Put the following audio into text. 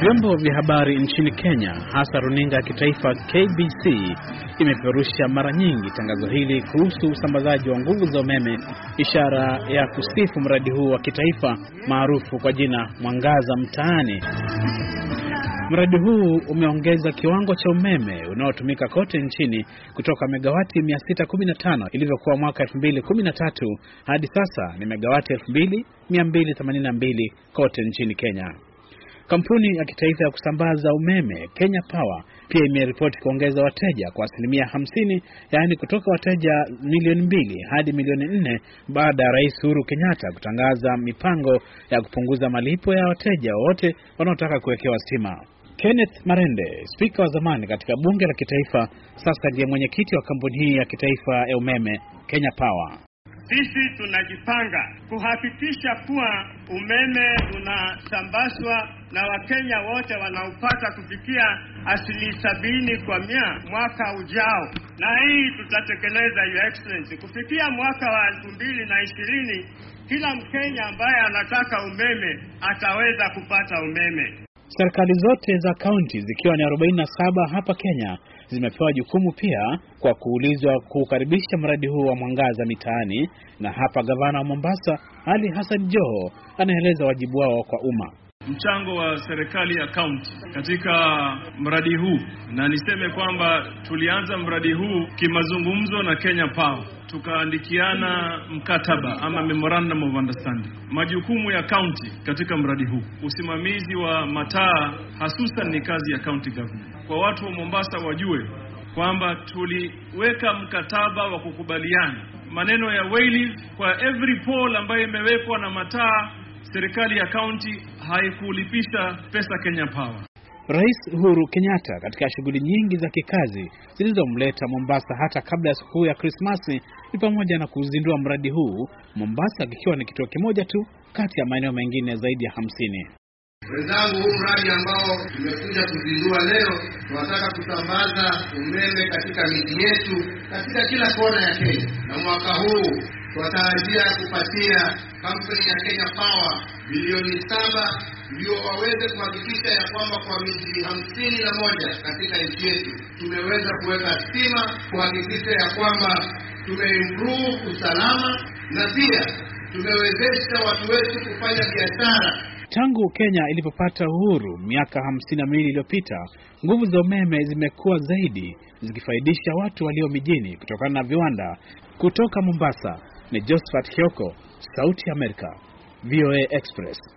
Vyombo vya habari nchini Kenya, hasa runinga ya kitaifa KBC, imeperusha mara nyingi tangazo hili kuhusu usambazaji wa nguvu za umeme, ishara ya kusifu mradi huu wa kitaifa maarufu kwa jina Mwangaza Mtaani. Mradi huu umeongeza kiwango cha umeme unaotumika kote nchini kutoka megawati 615 ilivyokuwa mwaka 2013 hadi sasa ni megawati 2282 kote nchini Kenya. Kampuni ya kitaifa ya kusambaza umeme Kenya Power pia imeripoti kuongeza wateja kwa asilimia 50, yaani kutoka wateja milioni mbili hadi milioni nne baada ya Rais Uhuru Kenyatta kutangaza mipango ya kupunguza malipo ya wateja wote wanaotaka kuwekewa stima. Kenneth Marende, spika wa zamani katika bunge la kitaifa, sasa ndiye mwenyekiti wa kampuni hii ya kitaifa ya umeme Kenya Power. Sisi tunajipanga kuhakikisha kuwa umeme unasambazwa na Wakenya wote wanaopata kufikia asilimia sabini kwa mia mwaka ujao, na hii tutatekeleza, Your Excellency. Kufikia mwaka wa elfu mbili na ishirini kila Mkenya ambaye anataka umeme ataweza kupata umeme. Serikali zote za kaunti zikiwa ni 47 hapa Kenya zimepewa jukumu pia kwa kuulizwa kuukaribisha mradi huu wa mwangaza mitaani, na hapa gavana wa Mombasa Ali Hassan Joho anaeleza wajibu wao kwa umma mchango wa serikali ya kaunti katika mradi huu, na niseme kwamba tulianza mradi huu kimazungumzo na Kenya Power, tukaandikiana mkataba ama memorandum of understanding. Majukumu ya kaunti katika mradi huu, usimamizi wa mataa hasusan ni kazi ya county government. Kwa watu wa Mombasa wajue kwamba tuliweka mkataba wa kukubaliana maneno ya Waylif kwa every pole ambayo imewekwa na mataa serikali ya kaunti haikulipisha pesa Kenya Power. Rais Uhuru Kenyatta katika shughuli nyingi za kikazi zilizomleta Mombasa hata kabla ya sikukuu ya Krismasi ni pamoja na kuzindua mradi huu, Mombasa kikiwa ni kituo kimoja tu kati ya maeneo mengine zaidi ya hamsini. Wenzangu, huu mradi ambao tumekuja kuzindua leo, tunataka kusambaza umeme katika miji yetu katika kila kona ya Kenya, na mwaka huu Tunatarajia kupatia kampuni ya Kenya Power bilioni saba ndio waweze kuhakikisha ya kwamba kwa miji hamsini na moja katika nchi yetu tumeweza kuweka stima, kuhakikisha ya kwamba tumeimprove usalama na pia tumewezesha watu wetu kufanya biashara. Tangu Kenya ilipopata uhuru miaka hamsini na miwili iliyopita, nguvu za umeme zimekuwa zaidi zikifaidisha watu walio mijini kutokana na viwanda kutoka Mombasa. Ni Josephat Kioko, Sauti ya Amerika, VOA Express.